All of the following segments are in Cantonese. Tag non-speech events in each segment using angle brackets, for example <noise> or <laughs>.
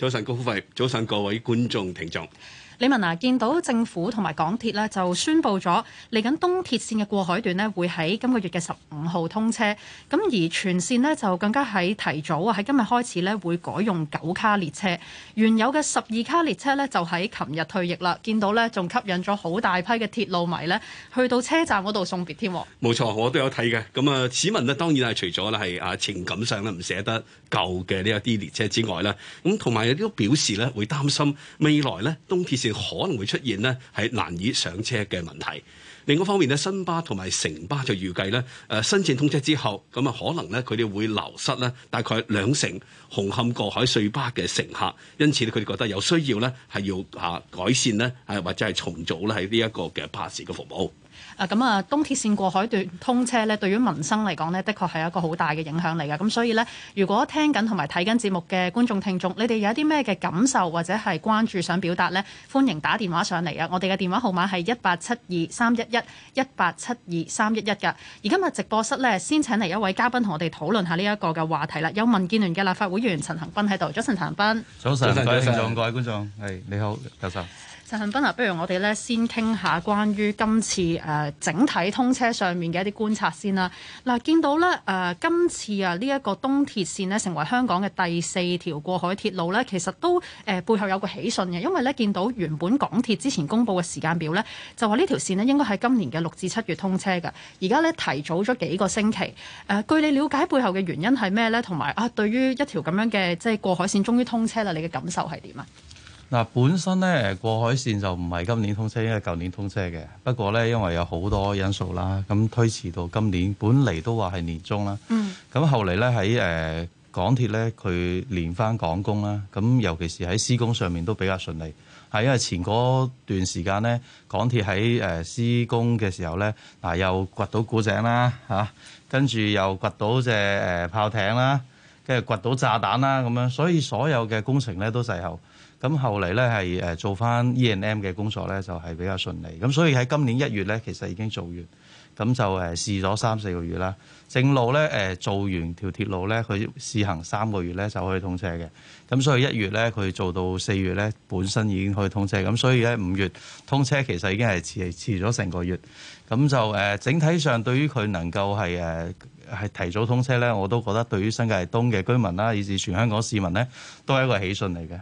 早晨，高費，早晨，各位觀眾聽眾，李文啊，見到政府同埋港鐵咧，就宣布咗嚟緊東鐵綫嘅過海段咧，會喺今個月嘅十五號通車，咁而全綫咧就更加喺提早啊，喺今日開始咧會改用九卡列車，原有嘅十二卡列車咧就喺琴日退役啦。見到咧仲吸引咗好大批嘅鐵路迷咧，去到車站嗰度送別添。冇錯，我都有睇嘅。咁啊，市民咧當然係除咗咧係啊情感上咧唔捨得舊嘅呢一啲列車之外啦，咁同埋。亦都表示咧，會擔心未來咧，東鐵綫可能會出現咧係難以上車嘅問題。另一方面咧，新巴同埋城巴就預計咧，誒，新綫通車之後，咁啊，可能咧，佢哋會流失咧大概兩成紅磡過海隧巴嘅乘客。因此咧，佢哋覺得有需要咧，係要啊改善咧，或者係重組咧，喺呢一個嘅巴士嘅服務。啊，咁啊，東鐵線過海段通車呢，對於民生嚟講呢，的確係一個好大嘅影響嚟㗎。咁所以呢，如果聽緊同埋睇緊節目嘅觀眾聽眾，你哋有啲咩嘅感受或者係關注想表達呢？歡迎打電話上嚟啊！我哋嘅電話號碼係一八七二三一一一八七二三一一㗎。而今日直播室呢，先請嚟一位嘉賓同我哋討論下呢一個嘅話題啦。有民建聯嘅立法會議員陳恒鑌喺度，早晨陳恒鑌。早晨，各位觀眾，係你好，教授。陳恒鑌啊，不如我哋咧先傾下關於今次誒、呃、整體通車上面嘅一啲觀察先啦。嗱，見到咧誒，今次啊呢一個東鐵線咧成為香港嘅第四條過海鐵路咧，其實都誒、呃、背後有個喜訊嘅，因為咧見到原本港鐵之前公布嘅時間表咧，就話呢條線咧應該喺今年嘅六至七月通車嘅，而家咧提早咗幾個星期。誒、呃，據你了解背後嘅原因係咩咧？同埋啊，對於一條咁樣嘅即係過海線終於通車啦，你嘅感受係點啊？嗱，本身咧誒過海線就唔係今年通車，因為舊年通車嘅。不過咧，因為有好多因素啦，咁推遲到今年。本嚟都話係年中啦。嗯。咁後嚟咧喺誒港鐵咧，佢連翻港工啦。咁尤其是喺施工上面都比較順利。係因為前嗰段時間咧，港鐵喺誒、呃、施工嘅時候咧，嗱、呃、又掘到古井啦嚇，跟、啊、住又掘到隻誒炮艇啦，跟住掘到炸彈啦咁樣，所以所有嘅工程咧都滯後。咁後嚟咧係誒做返 E and M 嘅工作咧，就係比較順利。咁所以喺今年一月咧，其實已經做完，咁就誒試咗三四個月啦。正路咧誒做完條鐵路咧，佢試行三個月咧就可以通車嘅。咁所以一月咧佢做到四月咧，本身已經可以通車。咁所以咧五月通車其實已經係遲遲咗成個月。咁就誒整體上對於佢能夠係誒係提早通車咧，我都覺得對於新界東嘅居民啦，以至全香港市民咧，都係一個喜訊嚟嘅。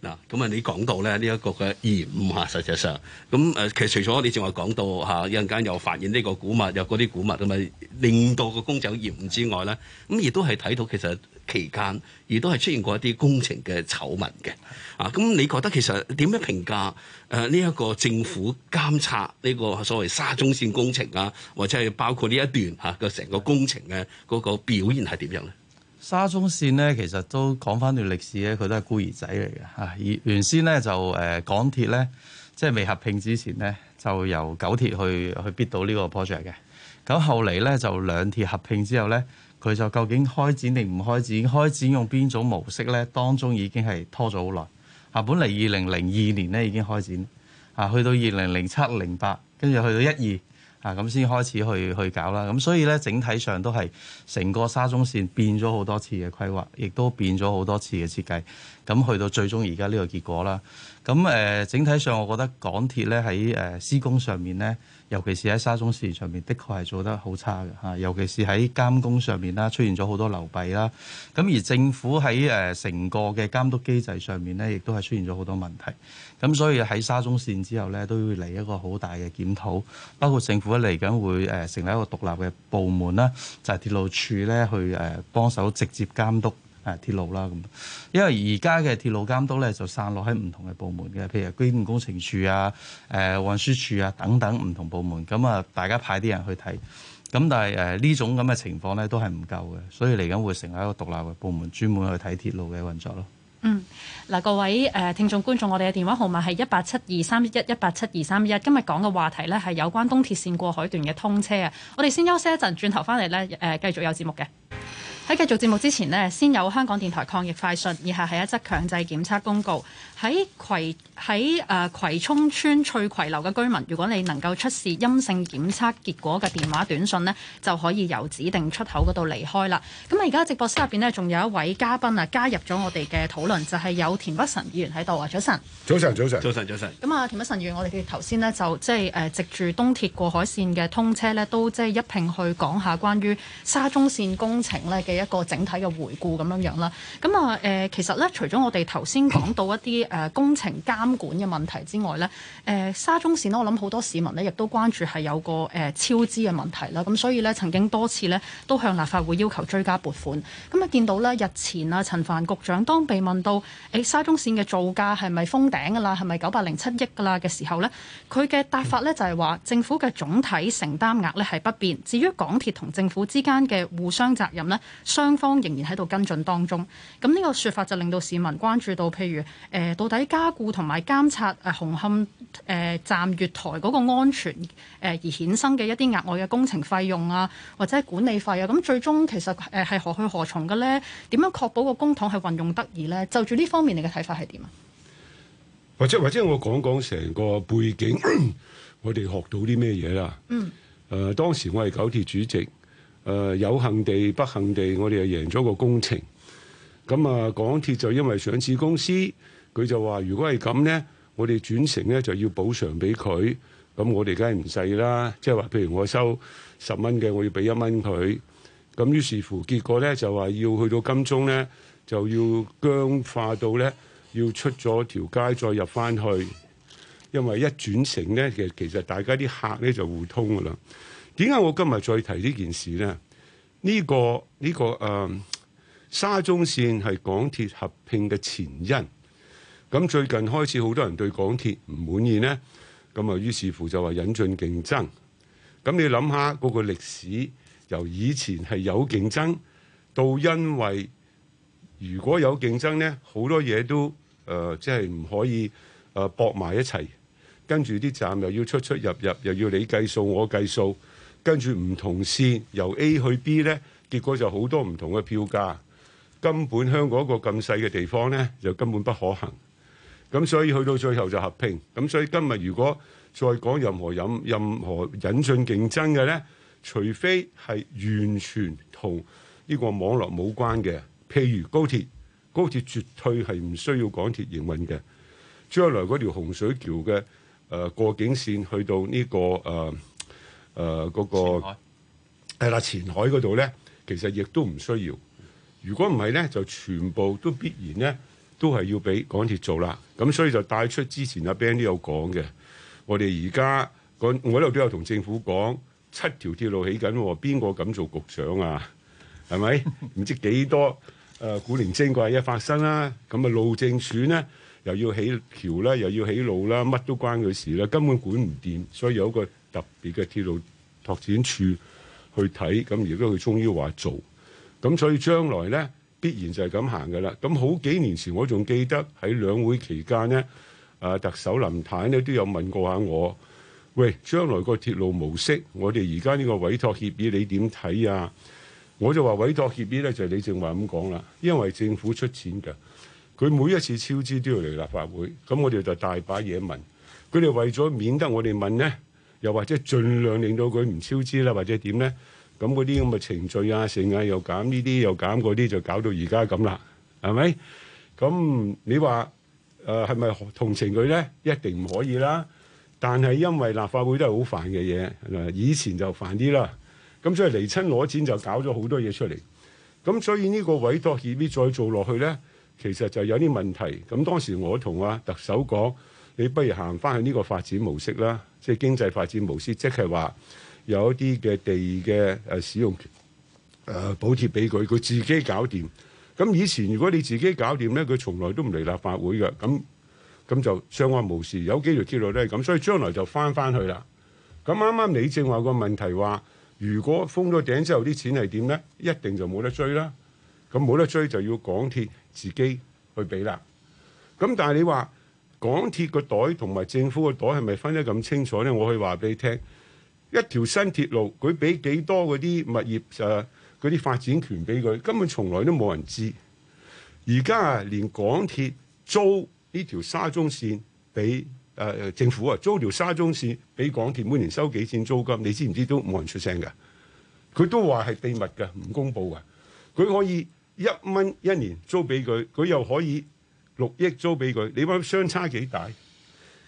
嗱，咁啊，你講到咧呢一個嘅延誤吓，實際上，咁誒，其實除咗你正話講到嚇一陣間又發現呢個古物有嗰啲古物啊嘛，令到個工程延誤之外咧，咁亦都係睇到其實期間亦都係出現過一啲工程嘅醜聞嘅，啊，咁你覺得其實點樣評價誒呢一個政府監察呢個所謂沙中線工程啊，或者係包括呢一段嚇個成個工程嘅嗰個表現係點樣咧？沙中線咧，其實都講翻段歷史咧，佢都係孤兒仔嚟嘅嚇。而原先咧就誒、呃、港鐵咧，即係未合併之前咧，就由九鐵去去 bid 到呢個 project 嘅。咁後嚟咧就兩鐵合併之後咧，佢就究竟開展定唔開展，開展用邊種模式咧？當中已經係拖咗好耐嚇。本嚟二零零二年咧已經開展嚇，去到二零零七零八，跟住去到一二。啊！咁先開始去去搞啦，咁所以咧，整體上都係成個沙中線變咗好多次嘅規劃，亦都變咗好多次嘅設計，咁去到最終而家呢個結果啦。咁誒整體上我覺得港鐵咧喺誒施工上面咧，尤其是喺沙中綫上面，的確係做得好差嘅吓，尤其是喺監工上面啦，出現咗好多流弊啦。咁而政府喺誒成個嘅監督機制上面咧，亦都係出現咗好多問題，咁所以喺沙中綫之後咧，都要嚟一個好大嘅檢討，包括政府嚟緊會誒成立一個獨立嘅部門啦，就係鐵路處咧去誒幫手直接監督。啊，鐵路啦咁，因為而家嘅鐵路監督咧就散落喺唔同嘅部門嘅，譬如基建工程署啊、誒運輸署啊等等唔同部門，咁啊大家派啲人去睇，咁但係誒呢種咁嘅情況咧都係唔夠嘅，所以嚟緊會成立一個獨立嘅部門專門去睇鐵路嘅運作咯。嗯，嗱各位誒聽眾觀眾，我哋嘅電話號碼係一八七二三一一八七二三一，今日講嘅話題咧係有關東鐵線過海段嘅通車啊，我哋先休息一陣，轉頭返嚟咧誒繼續有節目嘅。喺繼續節目之前呢，先有香港電台抗疫快訊，以下係一則強制檢測公告，喺葵。喺誒葵涌村翠葵樓嘅居民，如果你能夠出示陰性檢測結果嘅電話短信咧，就可以由指定出口嗰度離開啦。咁啊，而家直播室入邊咧，仲有一位嘉賓啊，加入咗我哋嘅討論，就係有田北辰議員喺度啊。早晨，早晨，早晨，早晨，早晨。咁啊，田北辰議員，我哋頭先咧就即係誒藉住東鐵過海線嘅通車咧，都即係一併去講下關於沙中線工程咧嘅一個整體嘅回顧，咁樣樣啦。咁啊誒其實咧，除咗我哋頭先講到一啲誒工程監監管嘅問題之外咧，誒沙中綫我諗好多市民咧亦都關注係有個誒超支嘅問題啦。咁所以咧，曾經多次咧都向立法會要求追加撥款。咁啊，見到咧日前啊，陳帆局長當被問到誒、欸、沙中綫嘅造價係咪封頂噶啦，係咪九百零七億噶啦嘅時候咧，佢嘅答法咧就係話、嗯、政府嘅總體承擔額咧係不變。至於港鐵同政府之間嘅互相責任咧，雙方仍然喺度跟進當中。咁呢個說法就令到市民關注到，譬如誒、欸、到底加固同埋。監察、啊、紅磡誒、呃、站月台嗰個安全誒、呃、而衍生嘅一啲額外嘅工程費用啊，或者係管理費啊，咁最終其實誒係何去何從嘅咧？點樣確保個公帑係運用得宜咧？就住呢方面，你嘅睇法係點啊？或者或者我講講成個背景， <coughs> 我哋學到啲咩嘢啦？嗯，誒、呃、當時我係九鐵主席，誒、呃、有幸地不幸地，我哋又贏咗個工程。咁啊、呃，港鐵就因為上市公司。佢就話：如果係咁咧，我哋轉乘咧就要補償俾佢。咁我哋梗係唔使啦。即係話，譬如我收十蚊嘅，我要俾一蚊佢。咁於是乎，結果咧就話要去到金鐘咧，就要僵化到咧要出咗條街再入翻去，因為一轉乘咧，其實其實大家啲客咧就互通噶啦。點解我今日再提呢件事咧？呢、呢個呢、呢個誒、呃、沙中線係港鐵合拼嘅前因。咁最近開始好多人對港鐵唔滿意呢。咁啊於是乎就話引進競爭。咁你諗下嗰個歷史，由以前係有競爭，到因為如果有競爭呢，好多嘢都誒即係唔可以誒、呃、駁埋一齊，跟住啲站又要出出入入，又要你計數我計數，跟住唔同線由 A 去 B 呢，結果就好多唔同嘅票價，根本香港一個咁細嘅地方呢，就根本不可行。咁所以去到最後就合併，咁所以今日如果再講任何引任何引進競爭嘅咧，除非係完全同呢個網絡冇關嘅，譬如高鐵，高鐵絕對係唔需要港鐵營運嘅。將來嗰條洪水橋嘅誒、呃、過境線去到呢個誒誒嗰個，係啦、呃呃嗰個，前海嗰度咧，其實亦都唔需要。如果唔係咧，就全部都必然咧。都係要俾港鐵做啦，咁所以就帶出之前阿 Ben 有的都有講嘅，我哋而家我我呢度都有同政府講七條鐵路起緊，邊個敢做局長啊？係咪？唔 <laughs> 知幾多誒、呃、古靈精怪一發生啦、啊，咁啊路政署咧又要起橋啦，又要起路啦，乜都關佢事啦，根本管唔掂，所以有一個特別嘅鐵路拓展處去睇，咁而家佢終於話做，咁所以將來咧。必然就係咁行嘅啦。咁好幾年前我仲記得喺兩會期間咧，啊特首林太咧都有問過下我：喂，將來個鐵路模式，我哋而家呢個委託協議你點睇啊？我就話委託協議咧就係你正話咁講啦，因為政府出錢㗎，佢每一次超支都要嚟立法會，咁我哋就大把嘢問佢哋，佢為咗免得我哋問咧，又或者盡量令到佢唔超支啦，或者點咧？咁嗰啲咁嘅程序啊、剩啊又減呢啲又減嗰啲，就搞到而家咁啦，係咪？咁你話誒係咪同情佢咧？一定唔可以啦。但係因為立法會都係好煩嘅嘢，以前就煩啲啦。咁所以離親攞錢就搞咗好多嘢出嚟。咁所以呢個委託協議再做落去咧，其實就有啲問題。咁當時我同阿特首講，你不如行翻去呢個發展模式啦，即係經濟發展模式，即係話。有一啲嘅地嘅誒使用權誒、呃、補貼俾佢，佢自己搞掂。咁以前如果你自己搞掂咧，佢從來都唔嚟立法會嘅。咁咁就相安無事。有幾條鐵路都係咁，所以將來就翻翻去啦。咁啱啱你正話個問題話：如果封咗頂之後啲錢係點咧？一定就冇得追啦。咁冇得追就要港鐵自己去俾啦。咁但係你話港鐵個袋同埋政府個袋係咪分得咁清楚咧？我可以話俾你聽。一條新鐵路，佢俾幾多嗰啲物業誒嗰啲發展權俾佢？根本從來都冇人知。而家啊，連港鐵租呢條沙中線俾誒、啊、政府啊，租條沙中線俾港鐵每年收幾錢租金？你知唔知都冇人出聲㗎？佢都話係秘密㗎，唔公佈㗎。佢可以一蚊一年租俾佢，佢又可以六億租俾佢。你話相差幾大？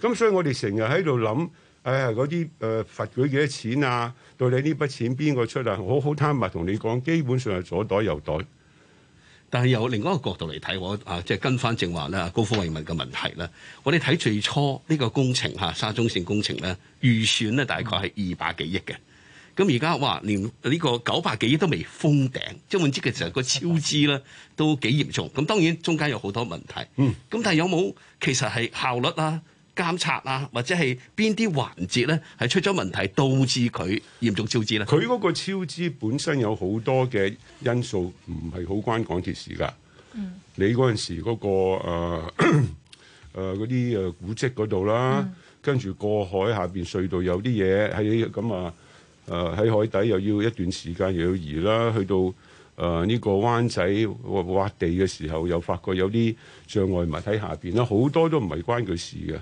咁所以我哋成日喺度諗。唉、哎，嗰啲誒罰佢幾多錢啊？到底呢筆錢邊個出啊？我好坦白同你講，基本上係左袋右袋。但係由另外一個角度嚟睇，我啊即係跟翻正話咧，高科惠民嘅問題啦，我哋睇最初呢個工程嚇、啊、沙中線工程咧預算咧大概係二百幾億嘅。咁而家哇，連呢個九百幾億都未封頂，即係換之其實個超支咧都幾嚴重。咁當然中間有好多問題。嗯。咁但係有冇其實係效率啦、啊？監察啊，或者係邊啲環節咧係出咗問題，導致佢嚴重超支咧？佢嗰個超支本身有好多嘅因素，唔係好關港鐵事㗎、嗯。你嗰陣時嗰、嗰個嗰啲誒古蹟嗰度啦，跟住過海下邊隧道有啲嘢喺咁啊誒喺、呃、海底又要一段時間又要移啦，去到誒呢、呃呢個灣仔挖地嘅時候又發覺有啲障礙物喺下邊啦，好多都唔係關佢事嘅。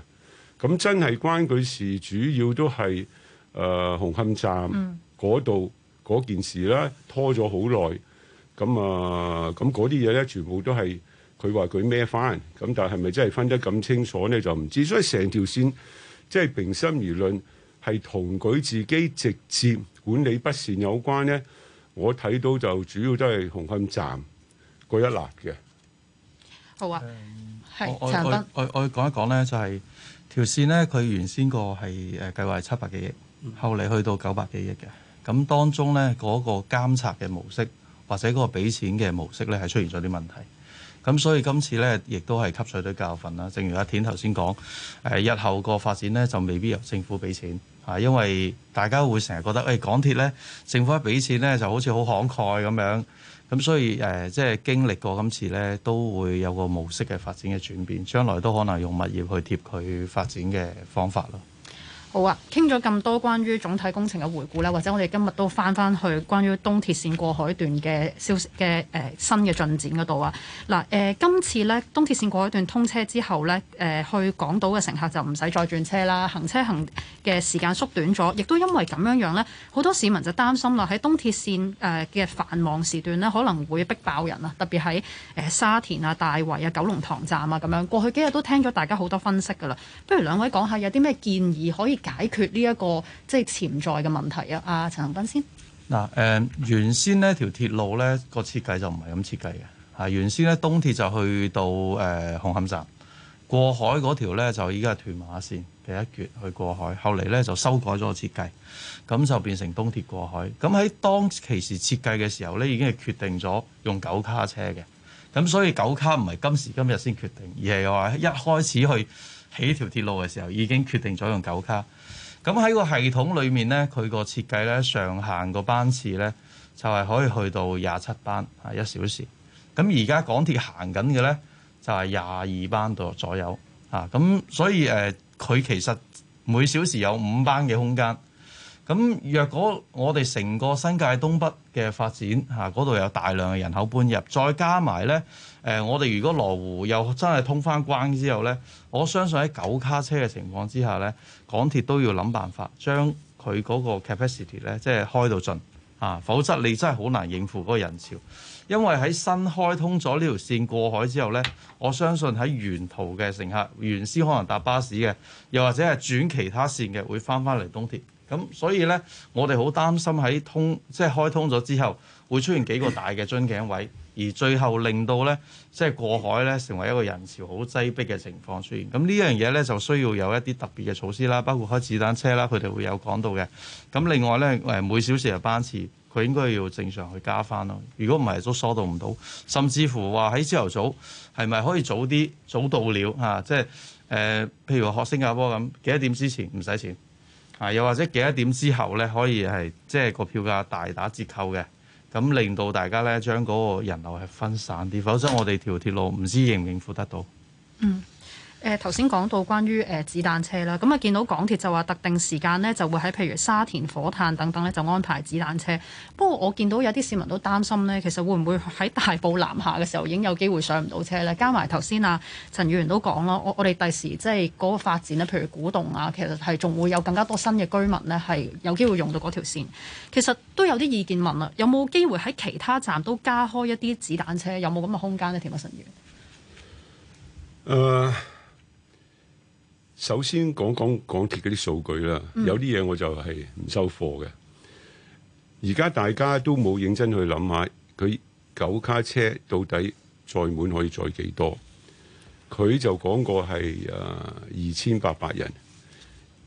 咁真係關佢事，主要都係誒、呃、紅磡站嗰度嗰件事啦，拖咗好耐。咁啊，咁嗰啲嘢咧，那那全部都係佢話佢孭返。咁但係咪真係分得咁清楚咧？就唔知。所以成條線即係平心而論，係同佢自己直接管理不善有關咧。我睇到就主要都係紅磡站嗰一欄嘅。好啊，係陳生，我我講一講咧，就係、係。條線呢，佢原先個係誒計劃係七百幾億，後嚟去到九百幾億嘅。咁當中呢，嗰、嗰個監察嘅模式，或者嗰個俾錢嘅模式呢，係出現咗啲問題。咁所以今次呢，亦都係吸取咗教訓啦。正如阿田頭先講，日後個發展呢，就未必由政府俾錢，因為大家會成日覺得誒、哎、港鐵呢，政府一俾錢呢，就好似好慷慨咁樣。咁所以呃，即係經歷過今次咧，都會有個模式嘅發展嘅轉變，將來都可能用物業去貼佢發展嘅方法咯。好啊，傾咗咁多關於總體工程嘅回顧啦。或者我哋今日都翻翻去關於東鐵線過海段嘅消息嘅誒、呃、新嘅進展嗰度啊。嗱、呃、誒，今次呢，東鐵線過海段通車之後呢，誒、呃，去港島嘅乘客就唔使再轉車啦，行車行嘅時間縮短咗，亦都因為咁樣樣呢，好多市民就擔心啦，喺東鐵線誒嘅、呃、繁忙時段呢，可能會逼爆人啊，特別喺誒、呃、沙田啊、大圍啊、九龍塘站啊咁樣。過去幾日都聽咗大家好多分析噶啦，不如兩位講下有啲咩建議可以解決呢一個即係潛在嘅問題啊！阿、啊、陳恒鑌先嗱，誒、呃、原先呢條鐵路咧個設計就唔係咁設計嘅，係、啊、原先咧東鐵就去到誒、呃、紅磡站過海嗰條咧就已經係屯馬綫嘅一橛去過海，後嚟咧就修改咗個設計，咁就變成東鐵過海。咁喺當其時設計嘅時候咧，已經係決定咗用九卡車嘅，咁所以九卡唔係今時今日先決定，而係話一開始去。起條鐵路嘅時候已經決定咗用九卡，咁喺個系統裏面咧，佢個設計咧上限個班次咧就係可以去到廿七班啊一小時，咁而家港鐵行緊嘅咧就係廿二班度左右啊，咁所以佢、呃、其實每小時有五班嘅空間。咁若果我哋成個新界東北嘅發展吓嗰度有大量嘅人口搬入，再加埋咧，誒、呃，我哋如果羅湖又真係通翻關之後咧，我相信喺九卡車嘅情況之下咧，港鐵都要諗辦法將佢嗰個 capacity 咧，即係開到盡啊，否則你真係好難應付嗰個人潮，因為喺新開通咗呢條線過海之後咧，我相信喺沿途嘅乘客原先可能搭巴士嘅，又或者係轉其他線嘅，會翻翻嚟東鐵。咁所以咧，我哋好擔心喺通即係開通咗之後，會出現幾個大嘅樽頸位，而最後令到咧即係過海咧成為一個人潮好擠迫嘅情況出現。咁呢樣嘢咧就需要有一啲特別嘅措施啦，包括開子彈車啦，佢哋會有講到嘅。咁另外咧誒，每小時嘅班次佢應該要正常去加翻咯。如果唔係都疏導唔到，甚至乎話喺朝頭早係咪可以早啲早到了、啊、即係誒、呃，譬如話學新加坡咁，幾多點之前唔使錢。啊！又或者幾多點之後咧，可以係即係個票價大打折扣嘅，咁令到大家咧將嗰個人流係分散啲，否則我哋條鐵路唔知應唔應付得到。嗯。誒頭先講到關於誒、呃、子彈車啦，咁啊見到港鐵就話特定時間呢，就會喺譬如沙田火炭等等咧就安排子彈車。不過我見到有啲市民都擔心呢，其實會唔會喺大埔南下嘅時候已經有機會上唔到車咧？加埋頭先啊，陳議員都講咯，我我哋第時即係嗰個發展咧，譬如古洞啊，其實係仲會有更加多新嘅居民呢，係有機會用到嗰條線。其實都有啲意見問啊：有冇機會喺其他站都加開一啲子彈車？有冇咁嘅空間呢？田北辰議員、uh... 首先講講港鐵嗰啲數據啦、嗯，有啲嘢我就係唔收貨嘅。而家大家都冇認真去諗下，佢九卡車到底載滿可以載幾多？佢就講過係誒二千八百人，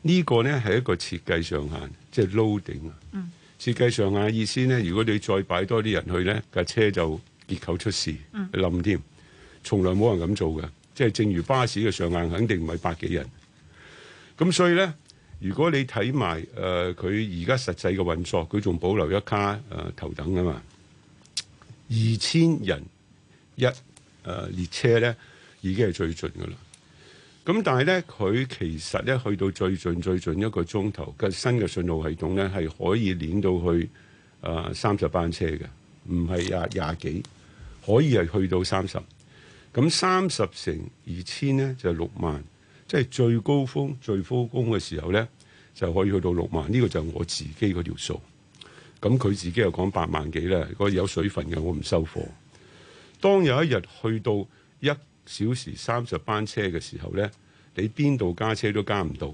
呢、這個呢係一個設計上限，即、就、係、是、loading 啊、嗯。設計上限嘅意思呢，如果你再擺多啲人去呢，架車就結構出事，冧、嗯、添。從來冇人咁做嘅，即、就、係、是、正如巴士嘅上限，肯定唔係百幾人。咁所以咧，如果你睇埋誒佢而家實際嘅運作，佢仲保留一卡誒、呃、頭等啊嘛，二千人一誒、呃、列車咧已經係最盡噶啦。咁但係咧，佢其實咧去到最盡最盡一個鐘頭，嘅新嘅信號系統咧，係可以連到去誒三十班車嘅，唔係廿廿幾，可以係去到三十。咁三十乘二千咧就係六萬。即係最高峰、最高峰嘅時候呢，就可以去到六萬。呢個就係我自己嗰條數。咁佢自己又講八萬幾啦，如果有水分嘅，我唔收貨。當有一日去到一小時三十班車嘅時候呢，你邊度加車都加唔到，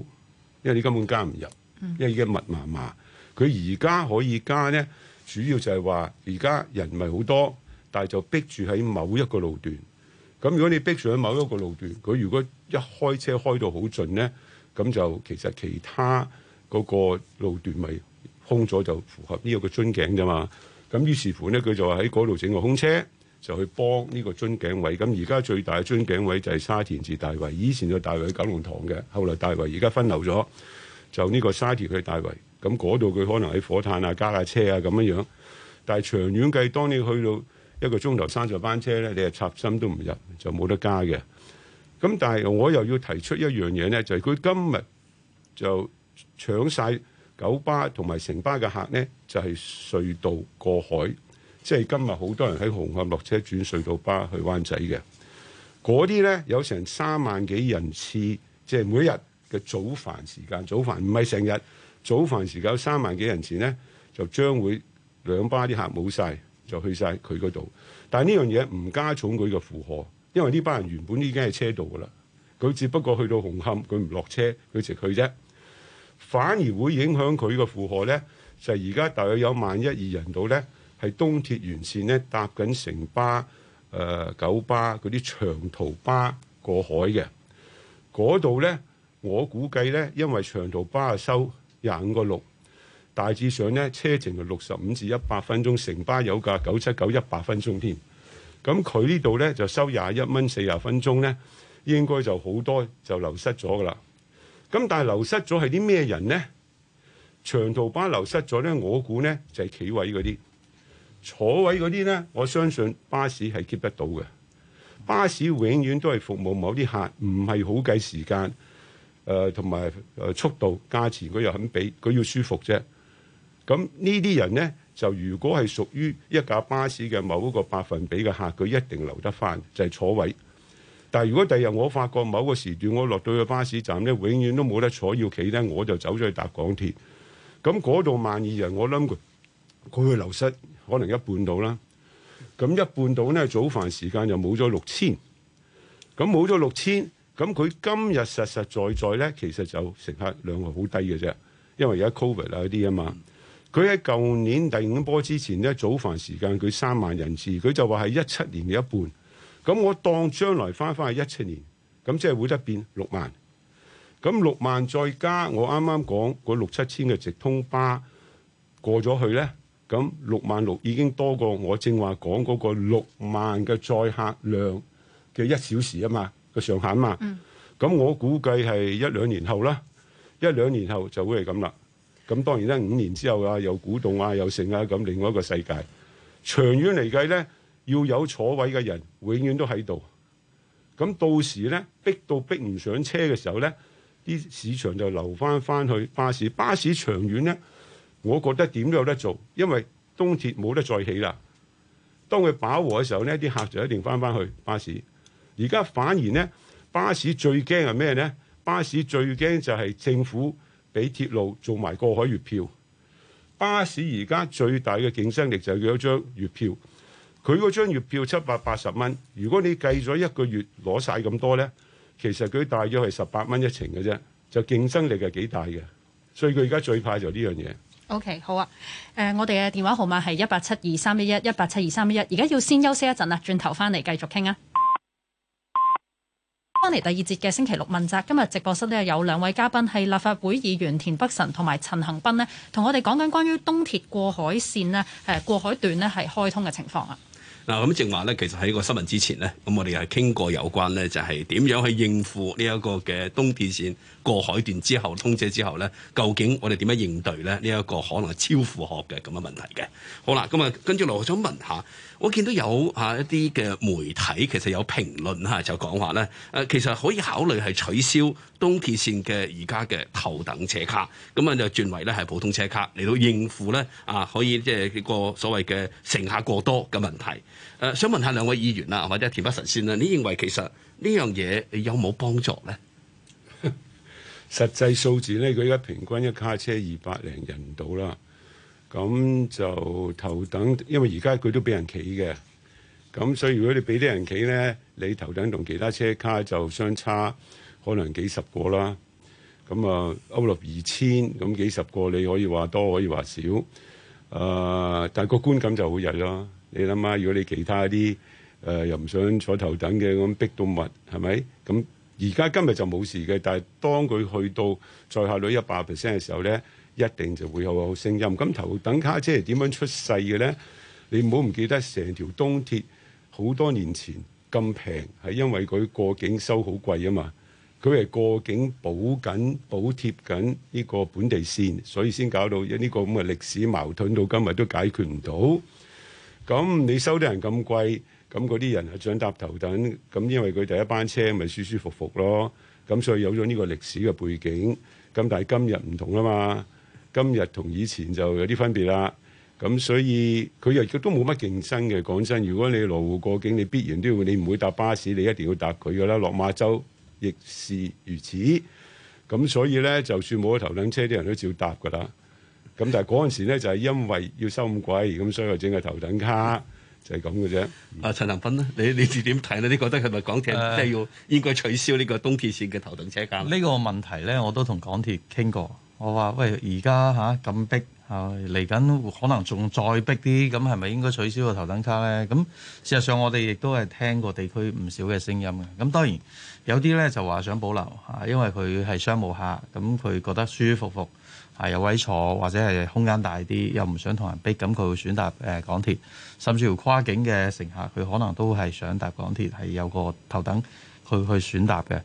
因為你根本加唔入，因為已經密麻麻。佢而家可以加呢，主要就係話而家人唔係好多，但係就逼住喺某一個路段。咁如果你逼上某一個路段，佢如果一開車開到好盡咧，咁就其實其他嗰個路段咪空咗，就符合呢個樽頸啫嘛。咁於是乎咧，佢就喺嗰度整個空車，就去幫呢個樽頸位。咁而家最大嘅樽頸位就係沙田至大圍，以前就大圍九龍塘嘅，後來大圍而家分流咗，就呢個沙田去大圍。咁嗰度佢可能喺火炭啊、加架車啊咁樣樣。但係長遠計，當你去到一個鐘頭三十班車咧，你係插針都唔入，就冇得加嘅。咁但係我又要提出一樣嘢咧，就係佢今日就搶晒九巴同埋城巴嘅客咧，就係隧道過海，即係今日好多人喺紅磡落車轉隧道巴去灣仔嘅。嗰啲咧有成三萬幾人次，即係每日嘅早飯時間，早飯唔係成日早飯時間，有三萬幾人次咧就將會兩巴啲客冇晒。就去晒佢嗰度，但係呢樣嘢唔加重佢嘅負荷，因為呢班人原本已經係車道噶啦，佢只不過去到紅磡，佢唔落車，佢直去啫。反而會影響佢嘅負荷咧，就係而家大約有萬一二人度咧，係東鐵沿線咧搭緊城巴、誒、呃、九巴嗰啲長途巴過海嘅。嗰度咧，我估計咧，因為長途巴收廿五個六。大致上咧，車程係六十五至一百分鐘，城巴有價九七九一百分鐘添。咁佢呢度咧就收廿一蚊四廿分鐘咧，應該就好多就流失咗㗎啦。咁但係流失咗係啲咩人咧？長途巴流失咗咧，我估咧就係企位嗰啲，坐位嗰啲咧，我相信巴士係 keep 得到嘅。巴士永遠都係服務某啲客人，唔係好計時間，誒同埋誒速度，價錢佢又肯俾，佢要舒服啫。咁呢啲人咧，就如果係屬於一架巴士嘅某一個百分比嘅客，佢一定留得返，就係坐位。但係如果第日我發覺某個時段我落到去巴士站咧，永遠都冇得坐要企咧，我就走咗去搭港鐵。咁嗰度萬二人，我諗佢佢會流失，可能一半到啦。咁一半到咧，早飯時間又冇咗六千。咁冇咗六千，咁佢今日實實在在咧，其實就乘客量係好低嘅啫，因為而家 COVID 啊啲啊嘛。佢喺舊年第五波之前咧，早飯時間佢三萬人次，佢就話係一七年嘅一半。咁我當將來翻翻去一七年，咁即係會得變六萬。咁六萬再加我啱啱講嗰六七千嘅直通巴過咗去咧，咁六萬六已經多過我正話講嗰個六萬嘅載客量嘅一小時啊嘛，個上限啊嘛。咁我估計係一兩年後啦，一兩年後就會係咁啦。咁當然啦，五年之後啊，又古洞啊，又成啊，咁另外一個世界。長遠嚟計咧，要有坐位嘅人，永遠都喺度。咁到時咧，逼到逼唔上車嘅時候咧，啲市場就流翻翻去巴士。巴士長遠咧，我覺得點都有得做，因為東鐵冇得再起啦。當佢飽和嘅時候咧，啲客就一定翻翻去巴士。而家反而咧，巴士最驚係咩咧？巴士最驚就係政府。俾鐵路做埋過海月票，巴士而家最大嘅競爭力就係佢嗰張月票，佢嗰張月票七百八十蚊，如果你計咗一個月攞晒咁多咧，其實佢大約係十八蚊一程嘅啫，就競爭力係幾大嘅，所以佢而家最怕就呢樣嘢。OK，好啊，誒、呃，我哋嘅電話號碼係一八七二三一一一八七二三一一，而家要先休息一陣啦，轉頭翻嚟繼續傾啊。返嚟第二節嘅星期六問責，今日直播室咧有兩位嘉賓係立法會議員田北辰同埋陳恒鑌呢，同我哋講緊關於東鐵過海線咧，誒過海段咧係開通嘅情況啊。嗱，咁正話咧，其實喺個新聞之前咧，咁我哋係傾過有關咧，就係點樣去應付呢一個嘅東鐵線過海段之後通車之後咧，究竟我哋點樣應對咧？呢一個可能係超負荷嘅咁嘅問題嘅。好啦，咁啊，跟住落去，我想問下，我見到有嚇一啲嘅媒體其實有評論吓就講話咧，誒其實可以考慮係取消東鐵線嘅而家嘅頭等車卡，咁啊就轉為咧係普通車卡嚟到應付咧，啊可以即係個所謂嘅乘客過多嘅問題。誒、呃，想問下兩位議員啦、啊，或者田北辰先啦、啊，你認為其實有有呢樣嘢有冇幫助咧？實際數字咧，佢而家平均一卡車二百零人到啦。咁就頭等，因為而家佢都俾人企嘅。咁所以如果你俾啲人企咧，你頭等同其他車卡就相差可能幾十個啦。咁啊，歐立二千咁幾十個，你可以話多，可以話少。誒、呃，但個觀感就好曳咯。你諗下，如果你其他啲誒、呃、又唔想坐頭等嘅，咁逼到密係咪？咁而家今日就冇事嘅，但係當佢去到載客率一百 percent 嘅時候咧，一定就會有聲音。咁頭等卡車係點樣出世嘅咧？你唔好唔記得，成條東鐵好多年前咁平，係因為佢過境收好貴啊嘛。佢係過境補緊補貼緊呢個本地線，所以先搞到呢個咁嘅歷史矛盾到今日都解決唔到。咁你收啲人咁貴，咁嗰啲人係想搭頭等，咁因為佢第一班車，咪舒舒服服咯。咁所以有咗呢個歷史嘅背景，咁但係今日唔同吖嘛，今日同以前就有啲分別啦。咁所以佢又都冇乜競爭嘅。講真，如果你羅湖過境，你必然都要你唔會搭巴士，你一定要搭佢㗎啦。落馬洲亦是如此。咁所以咧，就算冇咗頭等車，啲人都照搭㗎啦。咁但係嗰陣時咧，就係因為要收咁貴，咁所以整個頭等卡就係咁嘅啫。啊，陳恒鑌，咧，你你點睇咧？你覺得係咪港鐵要應該取消呢個東鐵線嘅頭等車價？呢、呃呢個問題咧，我都同港鐵傾過。我話喂，而家咁逼嚟緊，啊、可能仲再逼啲，咁係咪應該取消個頭等卡咧？咁事實上我哋亦都係聽過地區唔少嘅聲音嘅。咁當然。有啲咧就話想保留、啊、因為佢係商務客，咁佢覺得舒舒服服，係、啊、有位坐或者係空間大啲，又唔想同人逼，咁佢會選搭、呃、港鐵。甚至乎跨境嘅乘客，佢可能都係想搭港鐵，係有個頭等去去選搭嘅。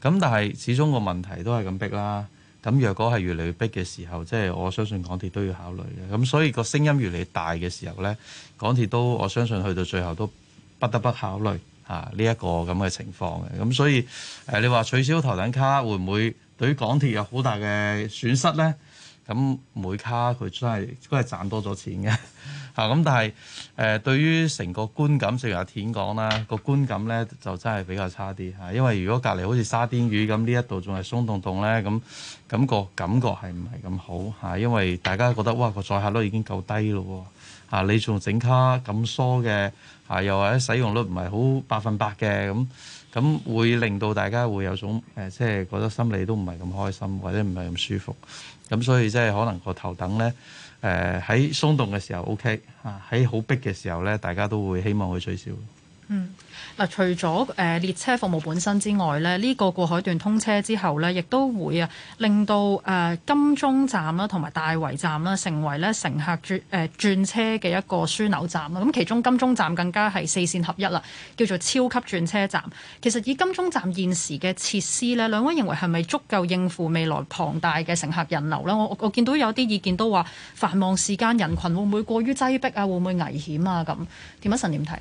咁但係始終個問題都係咁逼啦。咁若果係越嚟越逼嘅時候，即係我相信港鐵都要考慮嘅。咁所以個聲音越嚟越大嘅時候咧，港鐵都我相信去到最後都不得不考慮。啊！呢一個咁嘅情況嘅，咁所以誒、呃，你話取消頭等卡會唔會對於港鐵有好大嘅損失咧？咁每卡佢真係都係賺多咗錢嘅，嚇、啊、咁但係誒、呃，對於成個觀感，正如阿田講啦，個觀感咧就真係比較差啲、啊、因為如果隔離好似沙甸魚咁，呢一度仲係鬆動動咧、咁、那個、感覺感覺係唔係咁好、啊、因為大家覺得哇，個載客率已經夠低咯喎、啊，你仲整卡咁疏嘅。啊，又或者使用率唔係好百分百嘅咁，咁會令到大家會有種誒、即係、覺得心理都唔係咁開心，或者唔係咁舒服，咁所以即係可能個頭等咧，誒喺鬆動嘅時候 OK，啊喺好逼嘅時候咧，大家都會希望去取消。嗯。嗱、啊，除咗誒、呃、列車服務本身之外咧，呢、這個過海段通車之後咧，亦都會啊令到誒、呃、金鐘站啦同埋大圍站啦、啊、成為咧乘客轉誒轉車嘅一個樞紐站啦。咁、嗯、其中金鐘站更加係四線合一啦，叫做超級轉車站。其實以金鐘站現時嘅設施咧，兩位認為係咪足夠應付未來龐大嘅乘客人流咧？我我見到有啲意見都話繁忙時間人群會唔會過於擠迫啊？會唔會危險啊？咁田北辰點睇？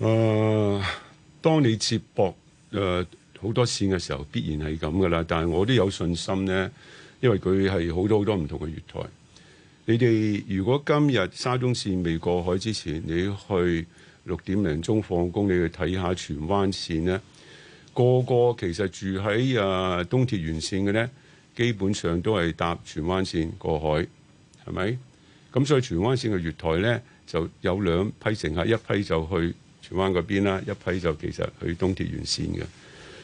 誒、呃，當你接駁誒好、呃、多線嘅時候，必然係咁噶啦。但係我都有信心呢，因為佢係好多好多唔同嘅月台。你哋如果今日沙中線未過海之前，你去六點零鐘放工，你去睇下荃灣線呢，個個其實住喺誒、呃、東鐵沿線嘅呢，基本上都係搭荃灣線過海，係咪？咁所以荃灣線嘅月台呢，就有兩批乘客，一批就去。荃灣嗰邊啦，一批就其實去東鐵沿線嘅。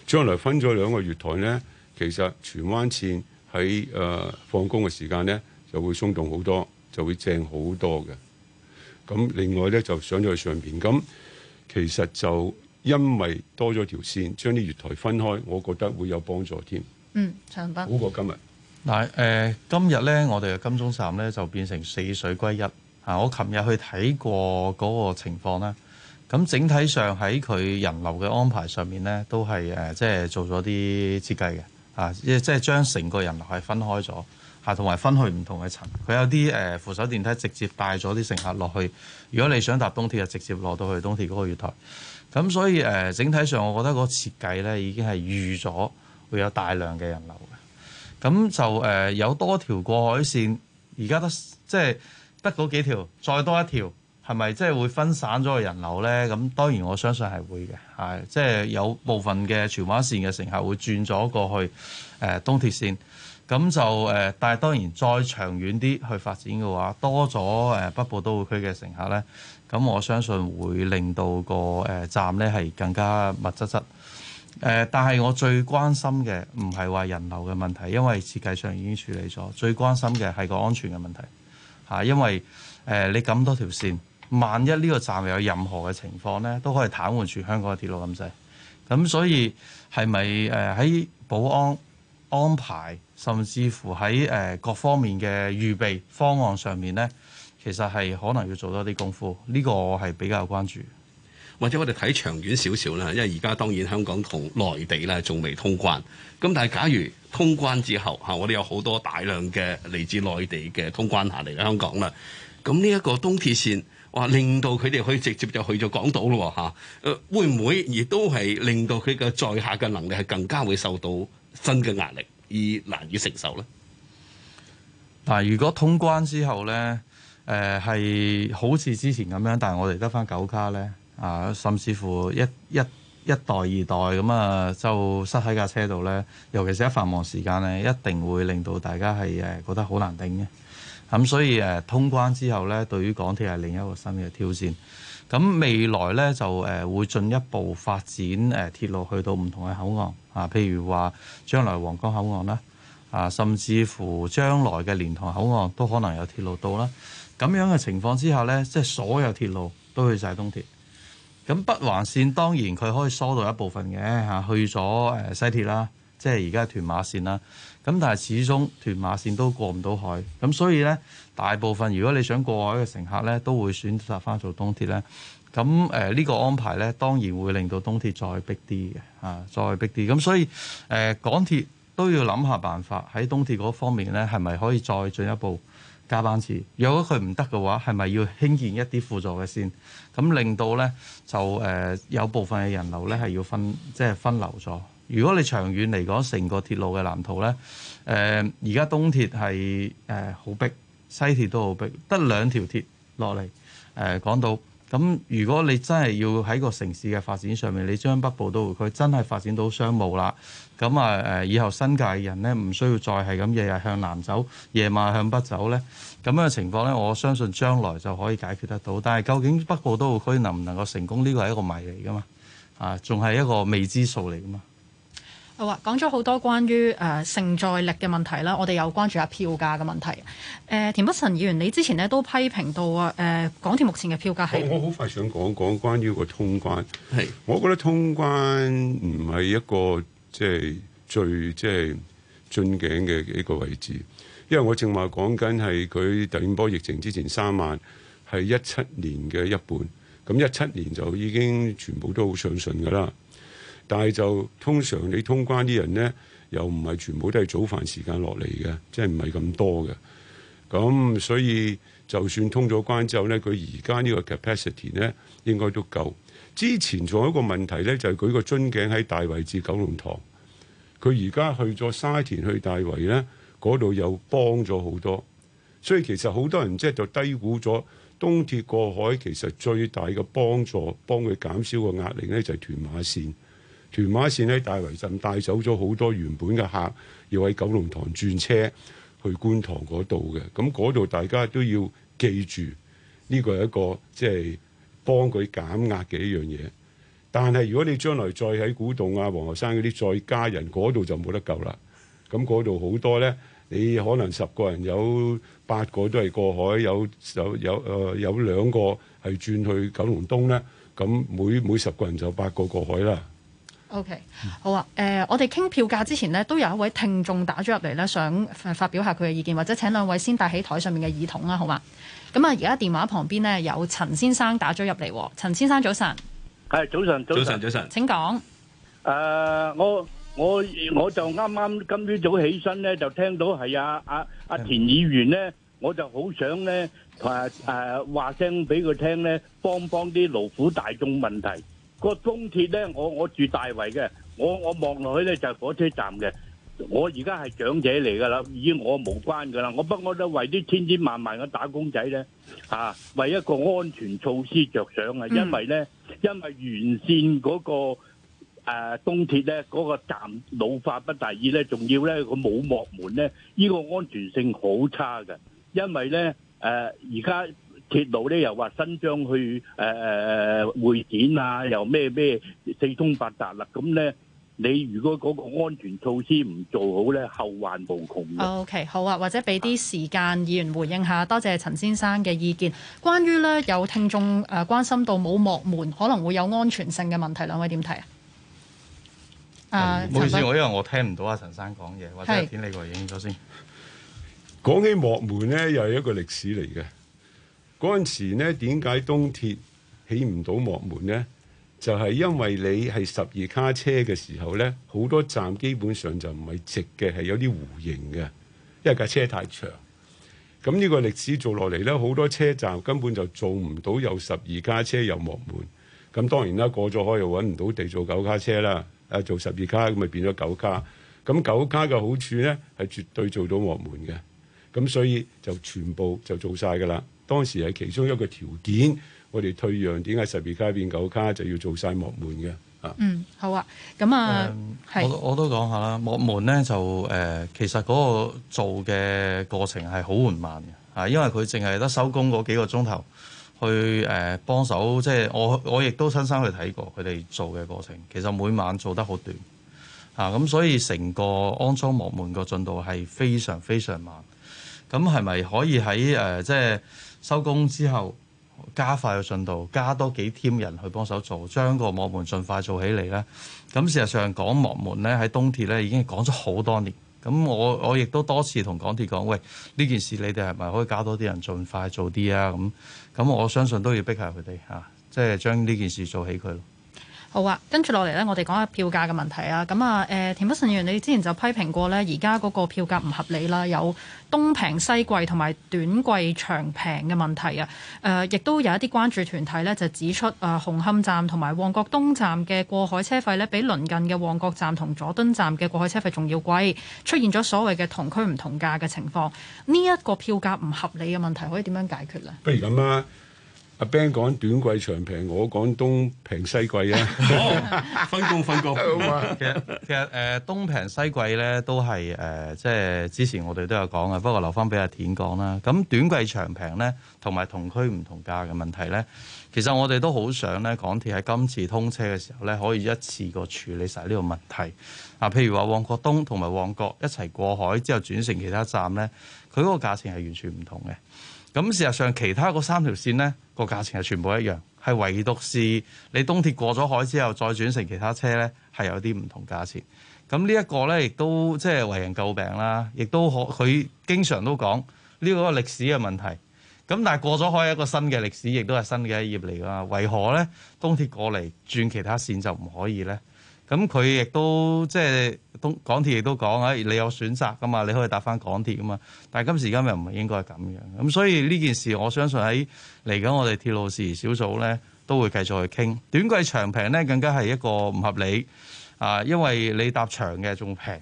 將來分咗兩個月台呢，其實荃灣線喺誒放工嘅時間呢就會鬆動好多，就會正好多嘅。咁另外呢，就上咗去上邊。咁其實就因為多咗條線，將啲月台分開，我覺得會有幫助添。嗯，長德好過今日。嗱誒、呃，今日呢，我哋嘅金鐘站呢就變成四水歸一啊！我琴日去睇過嗰個情況啦。咁整體上喺佢人流嘅安排上面呢，都係誒、呃、即係做咗啲設計嘅，啊即係將成個人流係分開咗，嚇同埋分去唔同嘅層。佢有啲誒、呃、扶手電梯直接帶咗啲乘客落去。如果你想搭東鐵，就直接落到去東鐵嗰個月台。咁所以誒、呃、整體上，我覺得嗰個設計呢已經係預咗會有大量嘅人流嘅。咁就誒、呃、有多條過海線，而家得即係得嗰幾條，再多一條。係咪即係會分散咗個人流呢？咁當然我相信係會嘅，係即係有部分嘅荃灣線嘅乘客會轉咗過去誒、呃、東鐵線，咁就誒、呃，但係當然再長遠啲去發展嘅話，多咗誒、呃、北部都會區嘅乘客呢。咁我相信會令到、個誒、呃、站呢係更加密質質。誒、呃，但係我最關心嘅唔係話人流嘅問題，因為設計上已經處理咗，最關心嘅係個安全嘅問題嚇，因為誒、呃、你咁多條線。萬一呢個站有任何嘅情況呢，都可以癱瘓住香港嘅鐵路咁滯。咁所以係咪誒喺保安安排，甚至乎喺誒各方面嘅預備方案上面呢，其實係可能要做多啲功夫。呢個我係比較關注。或者我哋睇長遠少少咧，因為而家當然香港同內地咧仲未通關。咁但係假如通關之後吓，我哋有好多大量嘅嚟自內地嘅通關客嚟香港啦。咁呢一個東鐵線。哇！令到佢哋可以直接就去咗港島咯，嚇！誒會唔會亦都係令到佢嘅在下嘅能力係更加會受到新嘅壓力而難以承受呢？嗱，如果通關之後呢，誒係好似之前咁樣，但係我哋得翻九卡呢，啊，甚至乎一一一代二代咁啊，就塞喺架車度呢，尤其是喺繁忙時間呢，一定會令到大家係誒覺得好難頂嘅。咁所以誒通關之後咧，對於港鐵係另一個新嘅挑戰。咁未來咧就誒會進一步發展誒鐵路去到唔同嘅口岸啊，譬如話將來黃江口岸啦，啊甚至乎將來嘅蓮塘口岸都可能有鐵路到啦。咁樣嘅情況之下咧，即係所有鐵路都去晒東鐵。咁北環線當然佢可以疏導一部分嘅嚇，去咗西鐵啦，即係而家係屯馬線啦。咁但係始終屯馬線都過唔到海，咁所以咧大部分如果你想過海嘅乘客咧，都會選擇翻做東鐵咧。咁呢、呃呢個安排咧，當然會令到東鐵再逼啲嘅、啊，再逼啲。咁所以、呃、港鐵都要諗下辦法，喺東鐵嗰方面咧，係咪可以再進一步加班次？如果佢唔得嘅話，係咪要興建一啲輔助嘅線？咁令到咧就、呃、有部分嘅人流咧係要分即係、就是、分流咗？如果你長遠嚟講，成個鐵路嘅藍圖呢，誒而家東鐵係誒好逼，西鐵都好逼，得兩條鐵落嚟誒講到咁。如果你真係要喺個城市嘅發展上面，你將北部都會區真係發展到商務啦，咁啊誒以後新界人呢，唔需要再係咁日日向南走，夜晚向北走呢。咁樣嘅情況呢，我相信將來就可以解決得到。但係究竟北部都會區能唔能夠成功？呢個係一個謎嚟噶嘛啊，仲係一個未知數嚟噶嘛。好啊，講咗好多關於誒承載力嘅問題啦，我哋有關注下票價嘅問題。誒、呃，田北辰議員，你之前咧都批評到啊，誒、呃，港鐵目前嘅票價係我好快想講講關於個通關係，我覺得通關唔係一個即係最即係進境嘅一個位置，因為我正話講緊係佢第二波疫情之前三萬係一七年嘅一半，咁一七年就已經全部都好上順㗎喇。但係就通常你通關啲人咧，又唔係全部都係早飯時間落嚟嘅，即係唔係咁多嘅。咁所以就算通咗關之後咧，佢而家呢個 capacity 咧應該都夠。之前仲有一個問題咧，就係舉個樽頸喺大圍至九龍塘，佢而家去咗沙田去大圍咧，嗰度又幫咗好多。所以其實好多人即係就低估咗東鐵過海其實最大嘅幫助，幫佢減少個壓力咧，就係屯馬線。屯馬線喺大圍站帶走咗好多原本嘅客，要喺九龍塘轉車去觀塘嗰度嘅。咁嗰度大家都要記住，呢個係一個即係幫佢減壓嘅一樣嘢。但係如果你將來再喺古洞啊、皇后山嗰啲再加人，嗰度就冇得救啦。咁嗰度好多咧，你可能十個人有八個都係過海，有有有誒有兩個係轉去九龍東咧。咁每每十個人就八個過海啦。O、okay, K，好啊，呃、我哋傾票價之前呢，都有一位聽眾打咗入嚟咧，想發表下佢嘅意見，或者請兩位先帶起台上面嘅耳筒啦，好嘛？咁啊，而家電話旁邊呢，有陳先生打咗入嚟，陳先生早晨，係早晨，早晨，早晨，請講。誒、uh，我我我就啱啱今朝早起身咧，就聽到係阿阿阿田議員咧，我就好想咧，誒、啊、誒、啊、話聲俾佢聽咧，幫幫啲勞苦大眾問題。個東鐵咧，我我住大圍嘅，我我望落去咧就係、是、火車站嘅。我而家係長者嚟噶啦，已經我無關噶啦。我不我都為啲千千萬萬嘅打工仔咧，吓、啊、為一個安全措施着想啊！因為咧，因為完善嗰、那個誒東鐵咧，嗰、呃那個站老化不特止咧，仲要咧佢冇幕門咧，呢、這個安全性好差嘅。因為咧，誒而家。鐵路咧又話新疆去誒誒會展啊，又咩咩四通八達啦。咁咧，你如果嗰個安全措施唔做好咧，後患無窮。OK，好啊，或者俾啲時間議員回應下。多謝陳先生嘅意見。關於咧有聽眾誒關心到冇幕門可能會有安全性嘅問題，兩位點睇啊？啊，唔好意思，我因為我聽唔到阿陳生講嘢，或者田議員回應咗先。講起幕門咧，又係一個歷史嚟嘅。嗰陣時咧，點解東鐵起唔到幕門咧？就係因為你係十二卡車嘅時候咧，好多站基本上就唔係直嘅，係有啲弧形嘅，因為架車太長。咁呢個歷史做落嚟咧，好多車站根本就做唔到有十二卡車有幕門。咁當然啦，過咗海又揾唔到地做九卡車啦。誒，做十二卡咁咪變咗九卡。咁九卡嘅好處咧係絕對做到幕門嘅。咁所以就全部就做晒㗎啦。當時係其中一個條件，我哋退讓，點解十二卡變九卡，就要做晒幕門嘅啊？嗯，好啊，咁啊，嗯、我我都講下啦。幕門咧就誒、呃，其實嗰個做嘅過程係好緩慢嘅嚇，因為佢淨係得收工嗰幾個鐘頭去誒、呃、幫手，即、就、係、是、我我亦都親身去睇過佢哋做嘅過程。其實每晚做得好短嚇，咁、呃、所以成個安裝幕門個進度係非常非常慢。咁係咪可以喺誒、呃、即係？收工之後，加快個進度，加多幾添人去幫手做，將個幕門盡快做起嚟咧。咁事實上講幕門咧，喺東鐵咧已經講咗好多年。咁我我亦都多次同港鐵講，喂呢件事你哋係咪可以加多啲人，盡快做啲啊？咁咁我相信都要逼下佢哋嚇，即係將呢件事做起佢。好啊，跟住落嚟咧，我哋講下票價嘅問題啊。咁、嗯、啊、呃，田北辰議員，你之前就批評過咧，而家嗰個票價唔合理啦，有東平西貴同埋短貴長平嘅問題啊。亦、呃、都有一啲關注團體咧，就指出誒，紅、呃、磡站同埋旺角東站嘅過海車費咧，比鄰近嘅旺角站同佐敦站嘅過海車費仲要貴，出現咗所謂嘅同區唔同價嘅情況。呢、這、一個票價唔合理嘅問題，可以點樣解決呢？不如咁啦。阿 Ben 講短貴長平，我講東平西貴啊、 <laughs> oh，分工！分工分工。 <laughs> 其實其實誒東平西貴咧，都係誒即係之前我哋都有講嘅。不過留翻俾阿田講啦。咁短貴長平咧，同埋同區唔同價嘅問題咧，其實我哋都好想咧，港鐵喺今次通車嘅時候咧，可以一次過處理晒呢個問題。啊，譬如話旺角東同埋旺角一齊過海之後轉乘其他站咧，佢嗰個價錢係完全唔同嘅。咁事實上，其他嗰三條線呢個價錢係全部一樣，係唯獨是你東鐵過咗海之後再轉乘其他車呢，係有啲唔同價錢。咁呢一個呢，亦都即係、就是、為人詬病啦，亦都可佢經常都講呢個歷史嘅問題。咁但係過咗海，係一個新嘅歷史，亦都係新嘅一頁嚟㗎。為何呢？東鐵過嚟轉其他線就唔可以呢？咁佢亦都即係港鐵亦都講啊，你有選擇噶嘛，你可以搭翻港鐵噶嘛。但係今時今日唔係應該係咁樣。咁所以呢件事，我相信喺嚟緊我哋鐵路事宜小組咧，都會繼續去傾。短貴長平咧，更加係一個唔合理啊！因為你搭長嘅仲平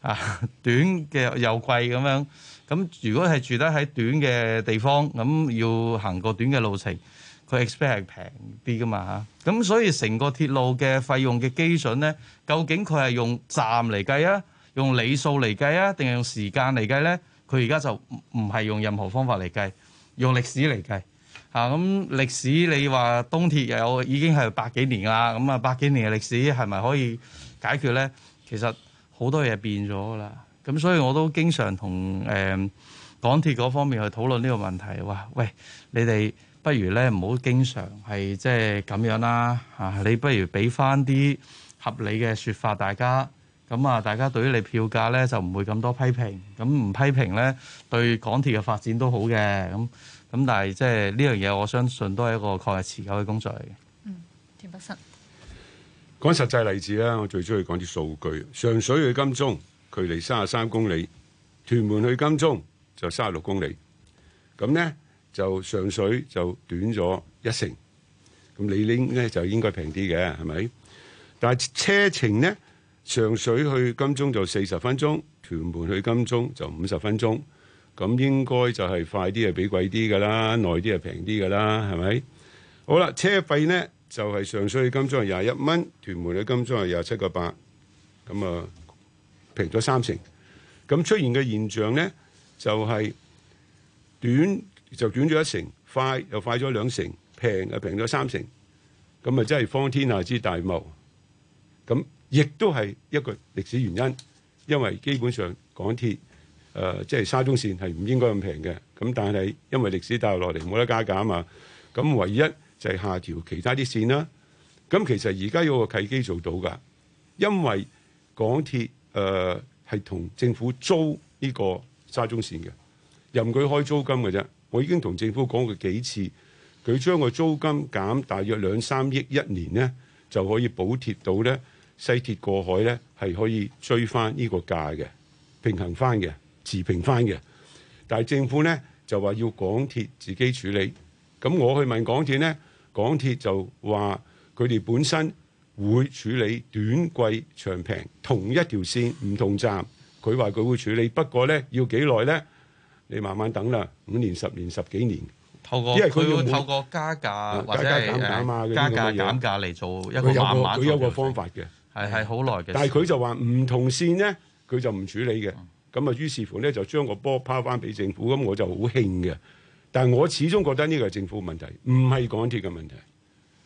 啊，短嘅又貴咁樣。咁如果係住得喺短嘅地方，咁要行個短嘅路程。佢 expect 係平啲噶嘛嚇，咁所以成個鐵路嘅費用嘅基準咧，究竟佢係用站嚟計啊，用里數嚟計啊，定係用時間嚟計咧？佢而家就唔係用任何方法嚟計，用歷史嚟計嚇。咁、啊、歷史你話東鐵有已經係百幾年啦，咁啊百幾年嘅歷史係咪可以解決咧？其實好多嘢變咗噶啦，咁所以我都經常同誒、呃、港鐵嗰方面去討論呢個問題，話喂你哋。不如咧唔好經常係即係咁樣啦嚇！你不如俾翻啲合理嘅説法，大家咁啊，大家對於你的票價咧就唔會咁多批評。咁唔批評咧，對港鐵嘅發展都好嘅。咁咁，但係即係呢樣嘢，我相信都係一個確係持久嘅工作嚟嘅。嗯，田北辰講實際例子啦，我最中意講啲數據。上水去金鐘，距離三十三公里，屯門去金鐘就三十六公里。咁咧？就上水就短咗一成，咁你呢？呢就應該平啲嘅，係咪？但係車程呢？上水去金鐘就四十分鐘，屯門去金鐘就五十分鐘，咁應該就係快啲係比貴啲㗎啦，耐啲係平啲㗎啦，係咪？好啦，車費呢就係上水去金鐘係廿一蚊，屯門去金鐘係廿七個八，咁啊平咗三成。咁出現嘅現象呢就係短。就短咗一成，快又快咗兩成，平又平咗三成，咁咪真係方天下之大謀。咁亦都係一個歷史原因，因為基本上港鐵誒即係沙中線係唔應該咁平嘅，咁但係因為歷史帶落嚟冇得加價啊嘛。咁唯一就係下調其他啲線啦、啊。咁其實而家有一個契機做到噶，因為港鐵誒係同政府租呢個沙中線嘅，任佢開租金嘅啫。我已經同政府講過幾次，佢將個租金減大約兩三億一年呢，就可以補貼到咧西鐵過海咧，係可以追翻呢個價嘅，平衡翻嘅，持平翻嘅。但係政府咧就話要港鐵自己處理，咁我去問港鐵咧，港鐵就話佢哋本身會處理短貴長平同一條線唔同站，佢話佢會處理，不過咧要幾耐咧？你慢慢等啦，五年、十年、十幾年，因為佢要透過加價或者加價減價嚟、啊、做一個,一個慢慢嘅佢有個方法嘅，係係好耐嘅。但係佢就話唔同線咧，佢就唔處理嘅。咁、嗯、啊，於是乎咧就將個波拋翻俾政府，咁我就好興嘅。但係我始終覺得呢個係政府問題，唔係港鐵嘅問題。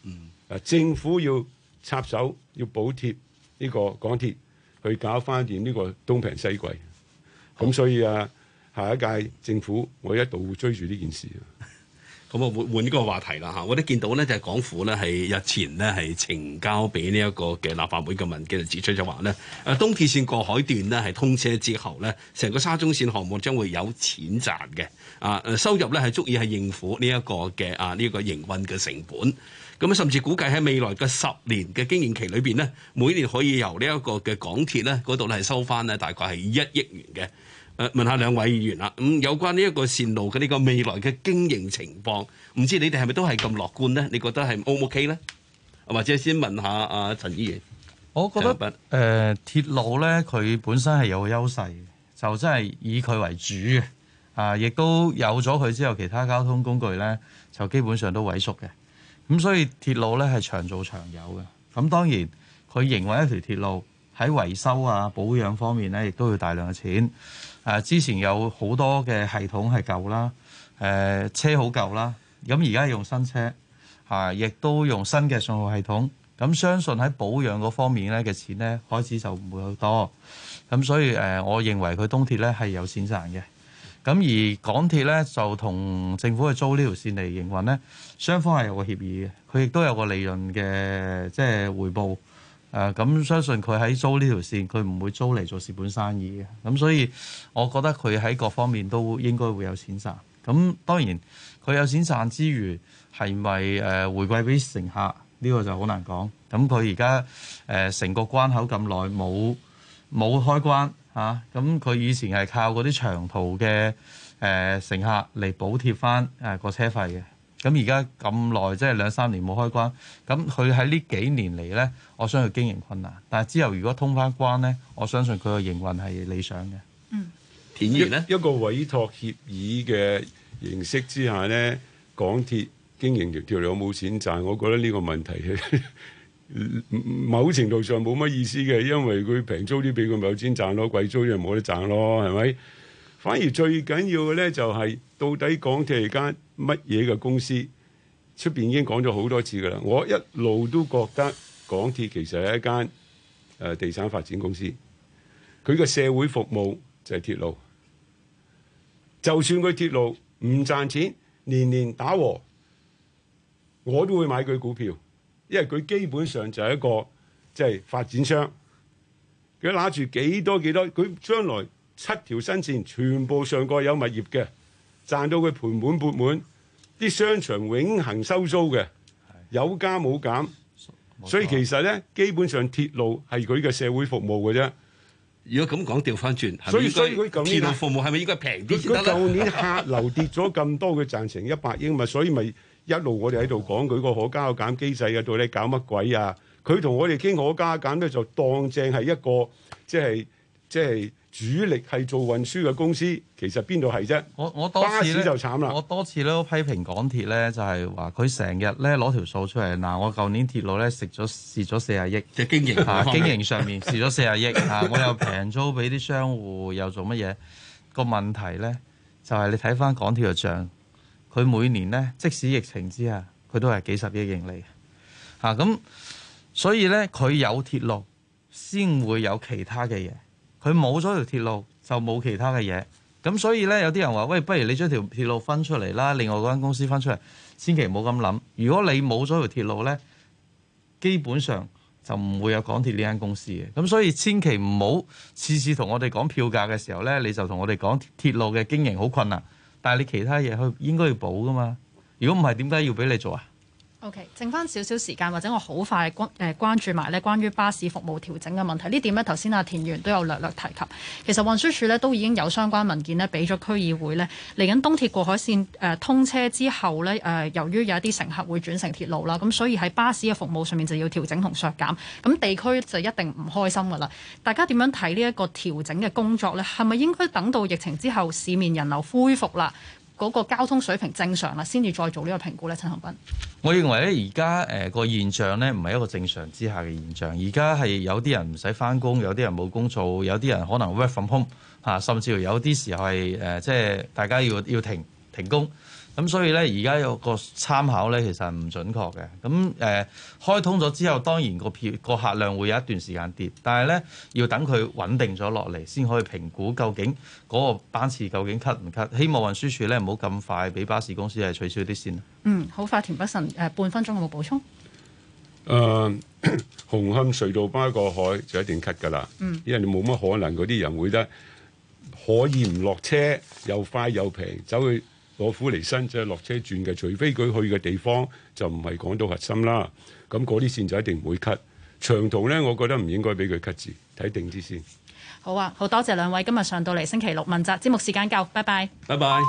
嗯，啊，政府要插手要補貼呢個港鐵去搞翻掂呢個東平西貴。咁所以、嗯、啊。下一屆政府，我一度追住呢件事。咁啊，換換呢個話題啦吓。我哋見到呢，就港府呢，係日前呢，係呈交俾呢一個嘅立法會嘅文件，就指出就話呢，誒，東鐵綫過海段呢，係通車之後呢，成個沙中綫項目將會有錢賺嘅。啊，收入呢，係足以係應付呢一個嘅啊呢個營運嘅成本。咁啊，甚至估計喺未來嘅十年嘅經營期裏邊呢，每年可以由呢一個嘅港鐵呢嗰度呢，係收翻呢大概係一億元嘅。誒問下兩位議員啦，咁、嗯、有關呢一個線路嘅呢、呢個未來嘅經營情況，唔知你哋係咪都係咁樂觀咧？你覺得係 O 唔 OK 咧？或者先問下阿、啊、陳議員，我覺得誒、呃、鐵路咧，佢本身係有個優勢，就真係以佢為主嘅，啊，亦都有咗佢之後，其他交通工具咧就基本上都萎縮嘅，咁所以鐵路咧係長做長有嘅。咁當然佢營運一條鐵路喺維修啊、保養方面咧，亦都要大量嘅錢。誒、啊、之前有好多嘅系統係舊啦，誒、啊、車好舊啦，咁而家用新車，啊亦都用新嘅信號系統，咁、啊、相信喺保養嗰方面咧嘅錢咧開始就唔會好多，咁、啊、所以誒、啊，我認為佢東鐵咧係有錢賺嘅，咁、啊、而港鐵咧就同政府去租呢條線嚟營運咧，雙方係有個協議嘅，佢亦都有個利潤嘅，即係回報。誒、嗯、咁相信佢喺租呢條線，佢唔會租嚟做蝕本生意嘅。咁、嗯、所以，我覺得佢喺各方面都應該會有錢賺。咁、嗯、當然，佢有錢賺之餘，係咪誒回饋俾乘客呢，個就好難講。咁佢而家成個關口咁耐冇冇開關嚇，咁佢、啊嗯、以前係靠嗰啲長途嘅誒、呃、乘客嚟補貼翻誒個車費嘅。咁而家咁耐，即係兩三年冇開關，咁佢喺呢幾年嚟呢，我相信經營困難。但係之後如果通翻關呢，我相信佢嘅營運係理想嘅。嗯，顯然呢，一個委託協議嘅形式之下呢，港鐵經營條條有冇錢賺，我覺得呢個問題某程度上冇乜意思嘅，因為佢平租啲俾佢咪有錢賺咯，貴租又冇得賺咯，係咪？反而最緊要嘅呢、就係，就係到底港鐵而家。乜嘢嘅公司？出邊已經講咗好多次噶啦，我一路都覺得港鐵其實係一間誒、啊、地產發展公司。佢嘅社會服務就係鐵路，就算佢鐵路唔賺錢，年年打和，我都會買佢股票，因為佢基本上就係一個即係、就是、發展商。佢拿住幾多幾多，佢將來七條新綫全部上蓋有物業嘅。賺到佢盤滿缽滿，啲商場永恆收租嘅，有加冇減，所以其實咧，基本上鐵路係佢嘅社會服務嘅啫。如果咁講，調翻轉，所以所以佢鐵路服務係咪應該平啲先得咧？佢舊年客流跌咗咁多，佢賺成一百億嘛， <laughs> 所以咪一路我哋喺度講佢個可加可減機制嘅、啊，到底搞乜鬼啊？佢同我哋傾可加減咧，減就當正係一個即係即係。主力係做運輸嘅公司，其實邊度係啫？我我多次咧就慘啦，我多次都批評港鐵咧，就係話佢成日咧攞條數出嚟嗱，我舊年鐵路咧食咗蝕咗四十億，即係經營啊，經營上面蝕咗四十億 <laughs> 啊，我又平租俾啲商戶又做乜嘢？個 <laughs> 問題咧就係、是、你睇翻港鐵嘅帳，佢每年咧即使疫情之下，佢都係幾十億盈利啊！咁所以咧，佢有鐵路先會有其他嘅嘢。佢冇咗條鐵路就冇其他嘅嘢，咁所以咧有啲人話：「喂，不如你將條鐵路分出嚟啦，另外嗰間公司分出嚟，千祈唔好咁諗。如果你冇咗條鐵路咧，基本上就唔會有港鐵呢間公司嘅。咁所以千祈唔好次次同我哋講票價嘅時候咧，你就同我哋講鐵路嘅經營好困難，但係你其他嘢佢應該要補噶嘛。如果唔係，點解要俾你做啊？OK，剩翻少少時間，或者我好快關誒關注埋咧關於巴士服務調整嘅問題。呢點咧頭先啊田源都有略略提及。其實運輸署咧都已經有相關文件咧俾咗區議會咧。嚟緊東鐵過海線誒通車之後咧誒，由於有一啲乘客會轉乘鐵路啦，咁所以喺巴士嘅服務上面就要調整同削減。咁地區就一定唔開心噶啦。大家點樣睇呢一個調整嘅工作咧？係咪應該等到疫情之後市面人流恢復啦？嗰、那個交通水平正常啦，先至再做呢個評估咧，陳恒鑌。我認為咧，而家誒個現象咧，唔係一個正常之下嘅現象。而家係有啲人唔使返工，有啲人冇工做，有啲人可能 work from home 嚇，甚至乎有啲時候係誒，即、呃、係大家要要停停工。咁所以咧，而家有個參考咧，其實係唔準確嘅。咁誒、呃、開通咗之後，當然個票個客量會有一段時間跌，但係咧要等佢穩定咗落嚟，先可以評估究竟嗰個班次究竟 cut 唔 cut。希望運輸署咧唔好咁快俾巴士公司係取消啲線。嗯，好，快田北辰誒、呃、半分鐘有冇補充？誒、呃、紅磡隧道包過海就一定 cut 㗎啦。嗯，因為你冇乜可能嗰啲人會得可以唔落車，又快又平走去，攞苦嚟辛，即係落車轉嘅，除非佢去嘅地方就唔係港島核心啦，咁嗰啲綫就一定唔會 cut。長途呢，我覺得唔應該俾佢 cut 字，睇定啲先。好啊，好多謝兩位，今日上到嚟星期六問責節目時間夠，拜拜。拜拜。